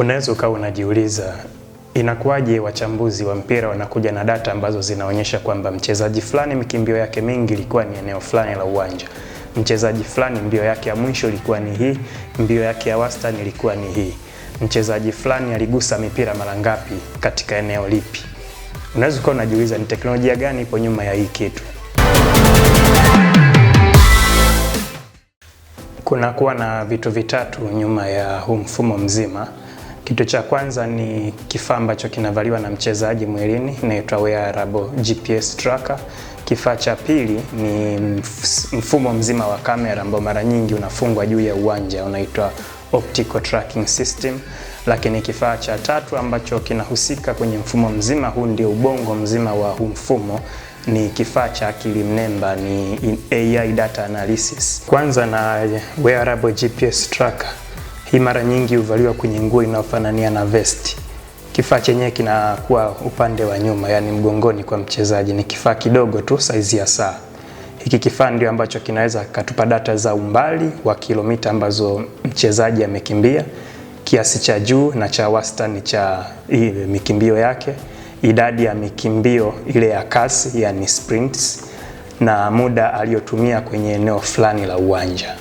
Unaweza ukawa unajiuliza inakuwaje wachambuzi wa mpira wanakuja na data ambazo zinaonyesha kwamba mchezaji fulani mikimbio yake mingi ilikuwa ni eneo fulani la uwanja, mchezaji fulani mbio yake ya mwisho ilikuwa ni hii, mbio yake ya wastani ilikuwa ni hii, mchezaji fulani aligusa mipira mara ngapi katika eneo lipi. Unaweza ukawa unajiuliza ni teknolojia gani ipo nyuma ya hii kitu. Kunakuwa na vitu vitatu nyuma ya huu mfumo mzima. Kitu cha kwanza ni kifaa ambacho kinavaliwa na mchezaji mwilini, inaitwa wearable GPS tracker. Kifaa cha pili ni mfumo mzima wa kamera ambao mara nyingi unafungwa juu ya uwanja unaitwa optical tracking system. Lakini kifaa cha tatu ambacho kinahusika kwenye mfumo mzima huu, ndio ubongo mzima wa huu mfumo, ni kifaa cha akili mnemba, ni AI data analysis. Kwanza na wearable GPS tracker. Hii mara nyingi huvaliwa kwenye nguo inayofanania na vest. Kifaa chenyewe kinakuwa upande wa nyuma, yani mgongoni kwa mchezaji. Ni kifaa kidogo tu, saizi ya saa. Hiki kifaa ndio ambacho kinaweza katupa data za umbali wa kilomita ambazo mchezaji amekimbia, kiasi cha juu na cha wastani cha mikimbio yake, idadi ya mikimbio ile ya kasi, yani sprints, na muda aliyotumia kwenye eneo fulani la uwanja.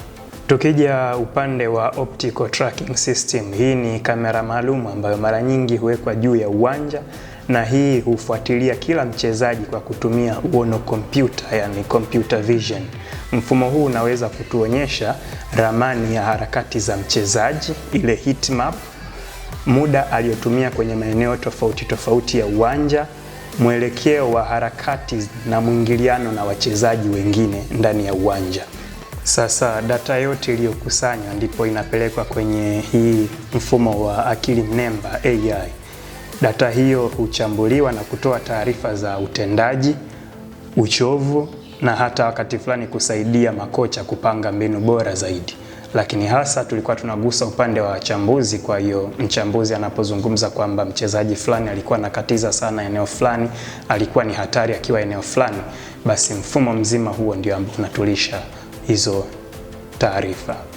Tukija upande wa optical tracking system, hii ni kamera maalum ambayo mara nyingi huwekwa juu ya uwanja na hii hufuatilia kila mchezaji kwa kutumia uono kompyuta, yani computer vision. Mfumo huu unaweza kutuonyesha ramani ya harakati za mchezaji, ile heat map, muda aliyotumia kwenye maeneo tofauti tofauti ya uwanja, mwelekeo wa harakati na mwingiliano na wachezaji wengine ndani ya uwanja. Sasa data yote iliyokusanywa ndipo inapelekwa kwenye hii mfumo wa akili mnemba AI. Data hiyo huchambuliwa na kutoa taarifa za utendaji, uchovu na hata wakati fulani kusaidia makocha kupanga mbinu bora zaidi. Lakini hasa tulikuwa tunagusa upande wa wachambuzi. Kwa hiyo mchambuzi anapozungumza kwamba mchezaji fulani alikuwa anakatiza sana eneo fulani, alikuwa ni hatari akiwa eneo fulani, basi mfumo mzima huo ndio ambao unatulisha hizo taarifa.